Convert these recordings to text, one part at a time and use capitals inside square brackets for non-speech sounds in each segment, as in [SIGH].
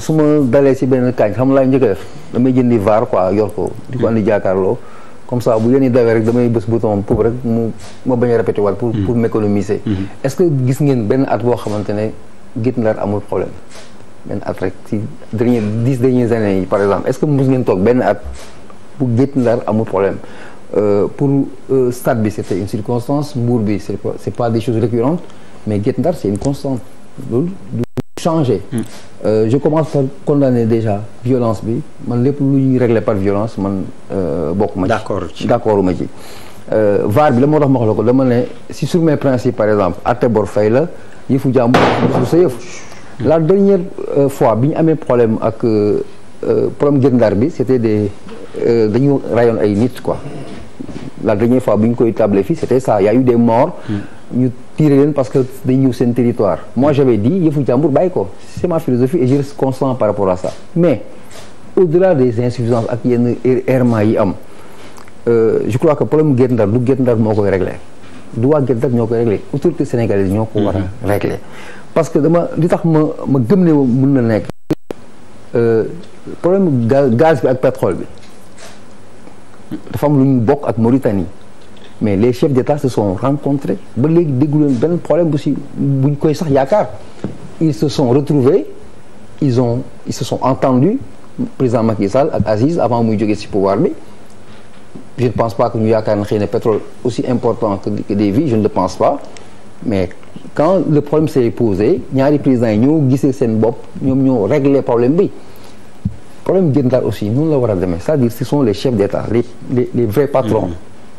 su ma dalee ci benn kaañ xam laay njëkk damay jëndi vaar quoi yor ko di ko andi jàkkaarloo comme sax bu yéen dawee rek damay bés bouton poub rek mu ma bañ a répété waat pour pour mm-hmm. Mm-hmm. est-ce que gis ngeen benn at boo xamante ne Guet Ndar amul problème benn at rek ci dernier dix dernières années yi par exemple est que mos ngeen toog benn at bu Guet Ndar amul problème euh, pour euh, stade bi c'était une circonstance Mbour bi c'est pas c'est pas des choses récurrentes mais Guet Ndar c'est une constante changé. Hmm. Euh, je commence par condamner déjà violence bi man lépp lu ñuy régler par violence man euh, bokk ma ci. d'accord d'accord ma ci. Euh, VAR bi la moo tax ma wax la ko dama ne si sur mes principes par exemple àtte bor fay la yëfu fu su sa hmm. la dernière euh, fois bi ñu amee problème ak problème gëndaar bi c'était des dañu rayoon ay nit quoi la dernière fois bi ñu koy tablé fii c'était ça y a eu des morts. Hmm. tirer leen parce que day ñëw seen territoire moi j'avais dit yëfu jàmbur bàyyi ko c'est ma philosophie et je reste constant par rapport à ça mais au-delà des insuffisances ak yenn errements yi am euh, je crois que problème Guet Ndar lu Guet Ndar moo koy réglé du waa Guet Ndar ñoo koy réglé autorité sénégalaise ñoo ko war a mm-hmm. réglé parce que dama li tax ma ma gëm ne mën na nekk euh, problème gaz bi ak pétrole bi dafa am lu ñu bokk ak Mauritanie mais les chefs d'État se sont rencontrés ba léegi déglu leen benn problème bu si buñ koy sax yaakaar ils se sont retrouvés ils ont ils se sont entendus président Macky Sall ak Aziz avant muy jógee si pouvoir bi je ne pense pas que ñu yaakaar na xëy na pétrole aussi important que des vies je ne le pense pas mais quand le problème s'est posé ñaari présidents yi ñoo gisee seen bopp ñoom ñoo réglé problème bi problème Guet Ndar aussi noonu la war a demee c'est-à-dire ce sont les chefs d'État les vrais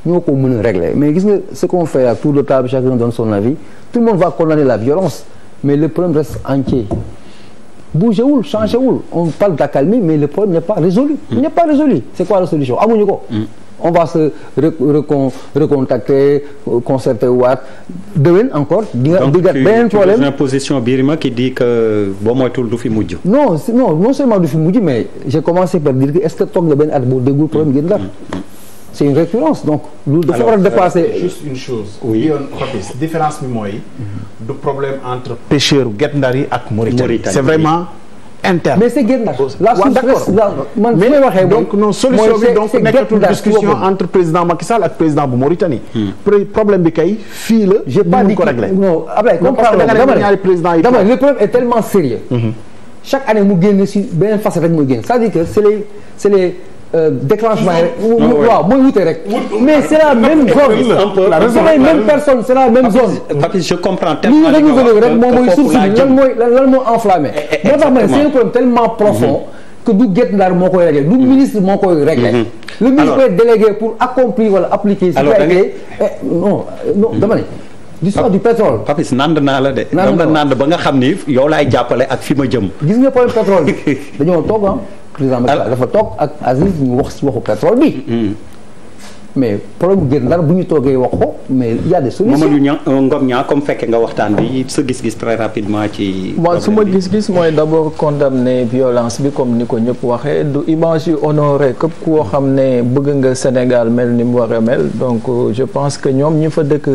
ñoo ko mën a régler mais gis nga ce qu'on fait à tour de table chacun donne tout le monde va la violence mais le problème reste entier bougé wul changé wul on parle d'accalmie mais le problème n'est pas résolu il n'est pas résolu c'est quoi la solution amuñu ko mm. on va se recon recontacter concerter waat déwén encore. di nga digat beneen problème donc position Birima qui dit que boo moytuwul du fi mujj. non non non seulement du fi mujj mais j'ai commencé par dire que est que toog nga benn at c'est une récurrence a dépasser euh, juste une différence bi mooy. problème entre pêcheur Guet Ndar ak. Mauritanie c'est vraiment. interne mais c'est entre président Macky ak président bu Mauritanie. Hmm. problème bi kay j'ai pas dit ko réglé non après ah comprendre dama président yi le problème est tellement sérieux hmm. chaque année mu génn si beneen facette rek muy génn c'est-à-dire que c'est les c'est les. Euh, déclenchement rek. Ah waaw mooy rek. mais c'est la même [LAUGHS] zone. la même personne c'est la même zone. je comprends tellement li ñu rek mooy source bi mooy lan moo enflammé. Eh, eh, moo tax c'est un problème tellement profond. Mhm. que du Guet Ndar moo koy réglé du mhm. ministre moo koy réglé. Mhm. le ministre est pour accomplir wala appliquer. alors da eh, non non dama ne. l'histoire du pétrole. Papis nand naa la de. nand ba nga xam ni yow laay jàppale ak fi ma jëm. gis nga problème pétrole bi [LAUGHS] dañoo toog ah. président Macky dafa toog ak Aziz ñu wax si waxu pétrole bi. mais problème mu la bu ñu toogee wax ko mais y a des solutions. Mamadou Niang euh, Ngom Niang comme fekkee nga waxtaan bi sa gis-gis très rapidement ci. waaw su ma gis-gis mooy d'abord condamner violence bi comme ni ko ñëpp waxee du image yu honoré képp koo xam ne bëgg nga Sénégal mel ni mu war a mel donc euh, je pense que ñoom ñu fa dëkk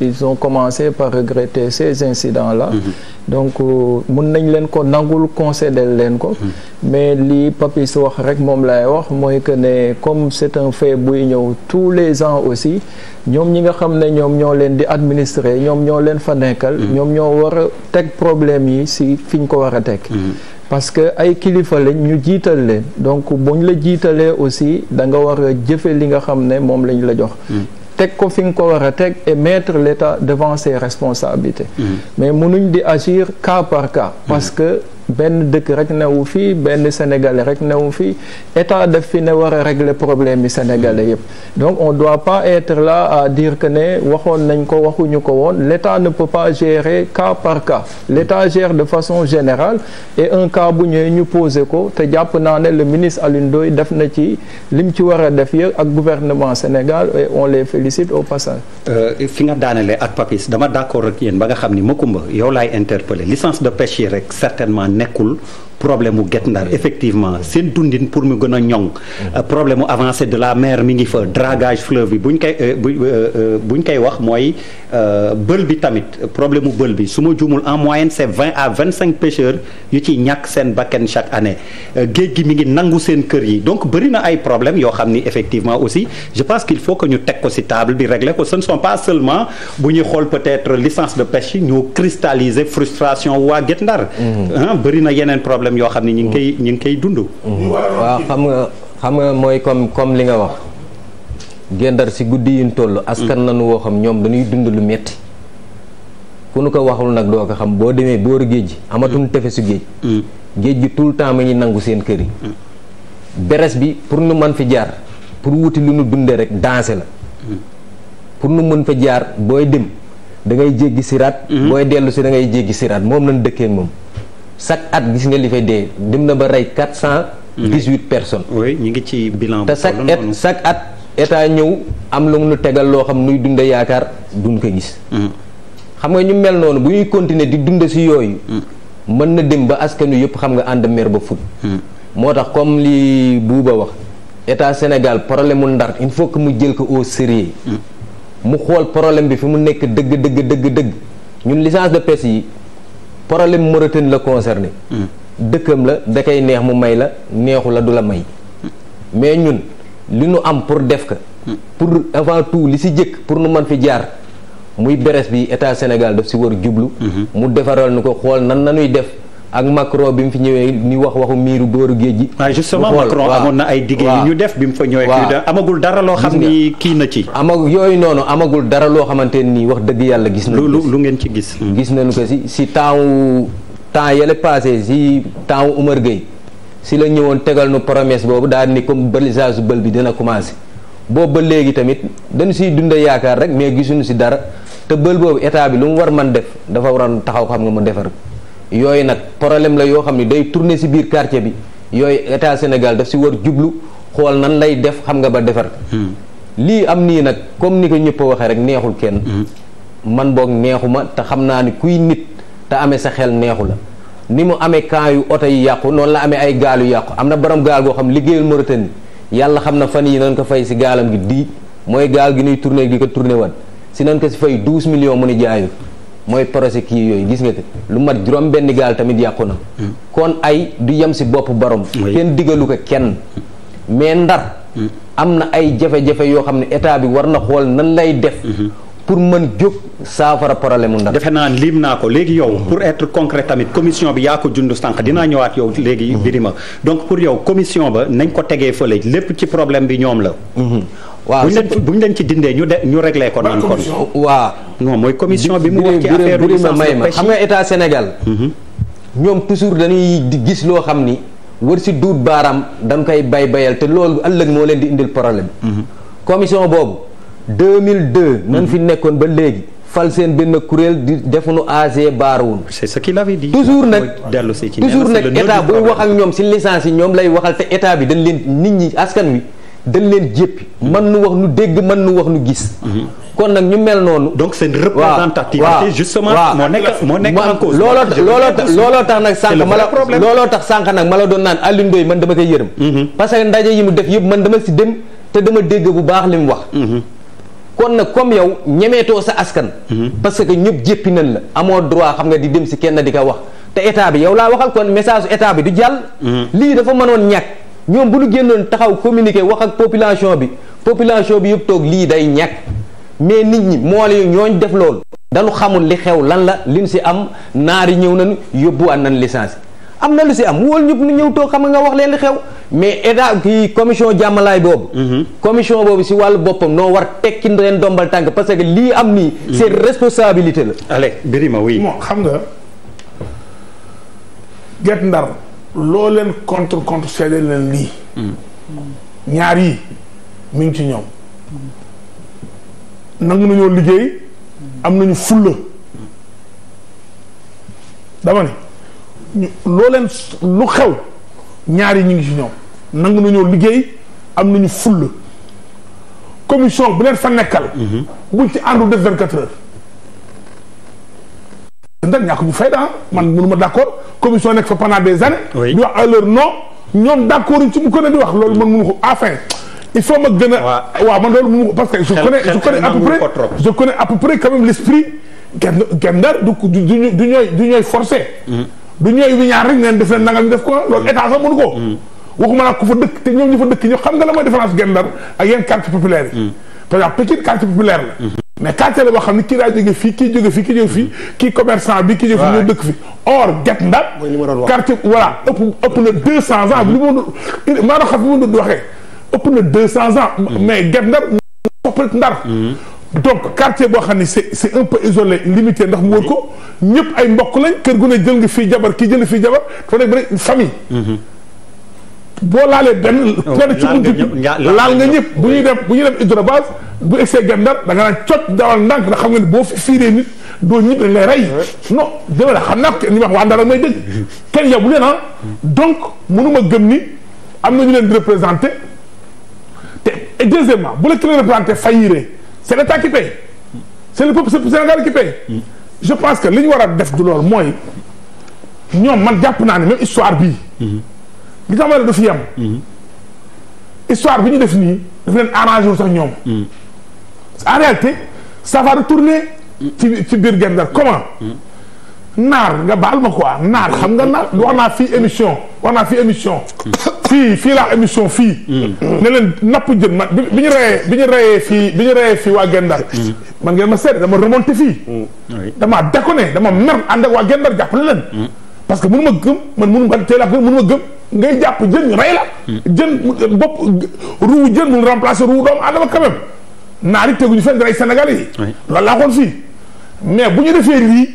ils ont commencé par regretter ces incidents là. Mm-hmm. donc euh, mun nañ leen ko nangul concéder leen ko hmm. mais li Papis wax rek moom lay wax mooy que ne comme c'est un fait buy ñëw tous les ans aussi ñoom ñi nga xam ne ñoom ñoo leen di administrer ñoom ñoo leen fa nekkal hmm. ñoom ñoo war a teg problème yi si fi ñu ko war a teg hmm. parce que ay kilifa lañ ñu jiital leen donc ñu la jiitalee aussi da nga war a jëfe li nga xam ne moom lañ la jox teg ko fi nga ko war a teg et mettre l'État devant ses responsabilités. Mm-hmm. mais mënuñ di agir cas par cas. parce mm-hmm. que benn dëkk rek newu fii benn sénégalais rek newu fii état def fi ne war a régler problème yi sénégalais yëpp donc on doit pas être là à dire que ne waxoon nañ ko waxuñu ko woon l'état ne peut pas gérer cas par cas l'état gère de façon générale et un cas bu ñëwee ñu poser ko te jàpp naa ne le ministre Alioune Ndoye def na ci lim ci war a def yëpp ak gouvernement Sénégal et on les félicite au passage. Euh, fi nga daanelee ak Papis dama d'accord ak yéen ba nga xam ni Macoumba yow laay interpeller licence de pêche yi rek nekkul problème mu Guet Ndar effectivement seen dundin pour mu gën a ñoŋ mm-hmm. euh, problème mu avancé de la mer mi ngi fa dragage fleuve bi buñ koy euh, euh, buñ koy wax mooy bël bi tamit problème mu bël bi su ma juumul en moyen c'est vingt à vingt cinq pêcheurs yu ci ñàkk seen bakkan chaque année géej gi mi ngi nangu seen kër yi donc bëri na ay problème yoo xam ni effectivement aussi je pense qu'il faut que ñu teg ko si table bi régler ko ce ne sont pas seulement bu ñuy xool peut-être licence de pêche yi ñoo cristalliser frustration waa Ndar mm-hmm. yoo xam ne ñu ngi koy ñu ngi koy dund. waaw xam nga xam nga mooy comme comme li nga wax. gendar si guddi yuñ toll. askan mm. lañu woo xam ñoom dañuy dund lu metti ku nu ko waxul nag doo ko xam boo demee booru géej gi amatul mm. tefesu géej mm. géej gi tout le temps ma ñuy nangu seen kër yi beres bi pour nu mën fi jaar pour wuti lu nu dundee rek danse la pour nu mën fa jaar booy dem dangay ngay jéggi siraat mm-hmm. booy dellu si da ngay jéggi siraat moom lañ dëkkee moom chaque at gis nga li dee dem na ba rey quatre cent dix-huite mm-hmm. personnes. ñu ngi ci bilan. te chaque at chaque at état ñëw am lu mu tegal loo xam nuy dunde yaakaar duñ ko gis. Mm-hmm. xam nga ñu mel noonu bu ñuy continuer di dund si yooyu. Mm-hmm. mën na dem ba askanu yëpp xam nga ànd mer ba fut moo tax comme li buuba wax état Sénégal problème mu ndar il faut que mu jël ko au sérieux. mu xool problème bi fi mu nekk dëgg dëgg dëgg dëgg ñun licence de pêche yi. problème Mauritanie la concerné. Hmm. dëkkam la da koy neex mu may la neexu la du la may. Hmm. mais ñun li nu am pour def ko. Hmm. pour avant tout li si jëkk pour nu man fi jaar muy beres bi état Sénégal def si war jublu. mu defaral nu ko xool nan nanuy def. ak Macron bi mu fi ñëwee ni wax waxu miiru booru géej gi. waaw justement Macron amoon na ay diggé yu ñu def bi mu fa ñëwee. amagul dara loo xam ni kii na ci. amag yooyu noonu amagul dara loo xamante nii wax dëgg yàlla gis. nañu lu lu ngeen ci gis. Hmm. gis nañu ko si si temps wu temps yële passé si temps wu Umar Gueye si la ñëwoon tegal nu promesse boobu daal ni comme balisage bël bi dina commencé boobu ba léegi tamit dañu siy dunda yaakaar rek mais gisuñu si dara te bël boobu état bi lu mu war man def dafa waroon taxaw xam nga mu defar yooyu nag problème la yoo xam ne day tourner si biir quartier bi yooyu état Sénégal daf si war jublu xool nan lay def xam nga ba defar. Hmm. lii am nii nag comme ni ko ñëpp a waxee rek neexul kenn. Hmm. man boog neexu ma te xam naa ni kuy nit te amee sa xel neexu la ni mu amee camp yu oto yi yàqu noonu la ame ay gaal yàqu am na borom gaal goo xam liggéeyul Mauritanie yàlla xam na fan yi nañ ko fay si gaalam gi di mooy gaal gi nuy turne gi ko tourné wan si nañ ko si fay douze millions mu ni jaayul mooy projet kii yooyu gis nga lu mat juróom benn gaal tamit yàqu na kon ay du yem si bopp borom kenn digalu ko kenn mais ndar mm. am na ay jafe-jafe yoo xam ne état bi war na xool nan lay def mm-hmm. pour mën jóg saafara problème mu ndax. defe naa lim naa ko léegi yow. Mhm. pour être concret tamit commission bi yaa ko jund sànq dinaa ñëwaat yow léegi. Mhm. Birima donc pour yow commission ba nañ ko tegee fële lépp ci problème bi ñoom la. Mhm. waaw bu ñu leen ci dindee ñu de ñu réglé ko naan kon. waaw mooy commission bi mu wax ci affaire Birima may ma xam nga état Sénégal. ñoom toujours dañuy gis loo xam ni war si duut baaraam dañ koy bay bayal te loolu ëllëg moo leen di indil problème. commission boobu. 2002. nan fi nekkoon ba léegi. fal seen benn kuréel di defuñu AG baaruwul. c'est ce qu'il avait dit. toujours nag toujours nag état buy wax ak ñoom si licence yi ñoom lay waxal te état bi dañ leen nit ñi askan wi. dañ leen jéppi man mm-hmm. nu wax nu dégg man nu wax nu gis. Mm-hmm. kon nag ñu mel noonu. donc seen représentativité. justement moo nekk moo nekk en cause. looloo looloo tax nag sànq ma la looloo tax sànq nag ma la doon naan Alioune Ndoye man dama koy yërëm. Mm-hmm. parce que ndaje yi mu def yëpp man dama si dem te dama dégg bu baax li mu wax. kon nag comme yow ñemeetoo sa askan. Mhm. parce que ñëpp jéppi nañ la amoo droit xam nga di dem si kenn di ko wax te état bi yow laa waxal kon message état bi du jàll. Mhm. lii dafa mënoon ñàkk ñoom bu ñu génnoon taxaw communiquer wax ak population bi population bi yëpp toog lii day ñàkk mais nit ñi moo la ñooñ def loolu. dañu xamul li xew lan la liñ si am naari ñëw nañu yóbbuwaat nañ licence. am na lu si am wóol ñu ñëw toog xam nga wax leen li xew mais état kii commission jàmmalaay boobu mhm. commission boobu si wàllu boppam noo war tekki leen dombal tànk parce que lii am nii mhm. c'est responsabilité la allez ma oui moo xam nga gert Ndar loo leen contre contre seede leen lii mhm. ñaar yi mi ngi ci ñoom nangu nañoo liggéey am nañu fulla dama ne loo leen lu xew ñaar yi ñu ngi ci ñoom nangu nañoo liggéey am nañu full commission bu leen fa nekkal. Mhm. buñ ci àndu def 24 heures. ndax ñàkk bu fay daa man mënuma d'accord commission nekk fa pendant des années. di wax à l'heure non ñoom d'accord ci mu ko ne di wax loolu man mënu ko ah, enfin il faut ma gën a. waaw man loolu mënu ko parce que. je connais je connais à peu près je connais à peu quand même l'esprit. genn du du du ñooy du ñooy forcé. Mhm. du ñooy wi ñaar rek neen def leen nangam ñu def ko loolu état sax mënu ko waxuma nag ku fa dëkk te ñoom ñu fa dëkk ñoo xam nga la mooy différence gendar ak yenn quartier populaire yi mm. par exemple quartier populaire la mm-hmm. mais quartier la boo xam ne kii daa jóge fii kii jóge fii kii jóge fii kii bi kii jóge fii ñoo dëkk fi or get ndar quartier voilà ëpp ëpp na deux cent ans li ma maa doon xam fi ma mm. mais get ndar ndar mm-hmm. donc quartier boo xam ne c' est c' est un peu isolé limité ndax mu wër ko ñëpp ay mbokk lañ kër gu ne jël nga fii jabar kii jël fii jabar dafa nekk rek famille. Mm-hmm. boo laalee benn. Oh, laal ci buntu laal nga ñëpp bu ñuy dem bu ñuy dem hydrobase bu egsee gem da danga naan cot dawal ndànk ndax xam nga ne boo fi fiiree nit doo ñib dañ lay rey. non dama la xam naa ko li ma wax waa Ndar may dëgg. kenn yow bu leen ah. donc mënuma gëm ni am na ñu leen di représenté te deuxièmement bu la ki leen représenté fayiree. c'est l'état qui paie c'est le peuple sénégalais qui mm. je pense que li ñu war a def du loolu mooy ñoom man jàpp naa ne même histoire bii gi tax ma ne du fi yem mm-hmm. histoire bi ñu def nii daf leen arrangé wu sax ñoom mm. en réalité ça va retourner mm. ci ci biir Guet Ndar comment naar nga baal ma quoi naar xam nga naar wax naa émission wax naa fii émission. fii fii laa émission fii. ne leen napp jën man bi ñu reyee bi ñu reyee fii bi ñu reyee fii waa Gendar. man ngeen ma seet dama remonté fii. dama déconné dama mer ànd ak waa Gendar jàppale leen. parce que mënu ma gëm man mënu ma teel a ma gëm ngay jàpp jën ñu rey jën bopp ruu jën mun remplacer ruu doomu aadama quand naar yi teguñu fenn rey Sénégal yi. loolu laa fii mais bu ñu defee lii.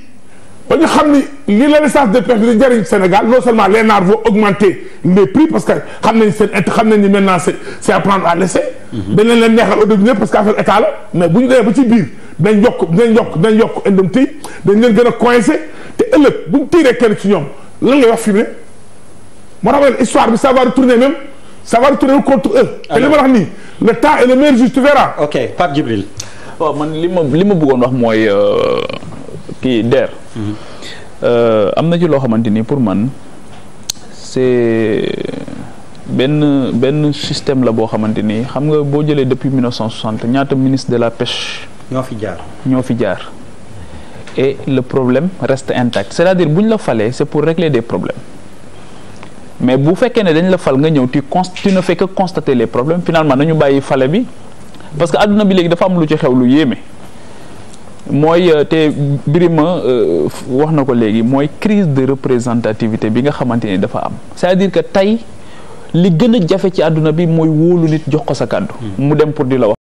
ba ñu xam ni li la licence de pêche di jëriñ Sénégal non seulement les naar vont augmenter les prix parce que xam nañ seen int xam nañ ni maintenant c'est c'est à prendre à laisser. Mhm. danañ leen neexal au parce que affaire état la mais bu ñu demee ba ci biir dañ yokk dañ yokk dañ yokk indemnité dañ leen gën a coincé te ëllëg bu ñu tiiree kenn ci ñoom lan ngay wax fi mu ne moo tax ma histoire bi ça va retourner même ça va retourner contre eux. te li ma wax nii le temps est li ma bëggoon wax mooy euh, kii DER. Euh, am na ci loo xamante ni pour man c'est benn benn système la boo xamante ni xam nga boo jëlee depuis 1960 ñaata ministre de la pêche. ñoo fi jaar ñoo fi jaar. le problème reste intact c'est-à-dire bu ñu la falee c'est pour régler des problème mais bu fekkee ne dañ la fal nga ñëw tu const tu ne fais que constater les problèmes finalement nañu bàyyi fale bi parce que àdduna bi léegi dafa am lu ci xew lu yéeme. mooy euh, te Birima euh, wax na ko léegi mooy crise de représentativité bi nga xamante ni dafa am c'est-à-dire que tey li gën a jafe ci àdduna bi mooy wóolu nit jox ko sa kàddu hmm. mu dem pour di la wax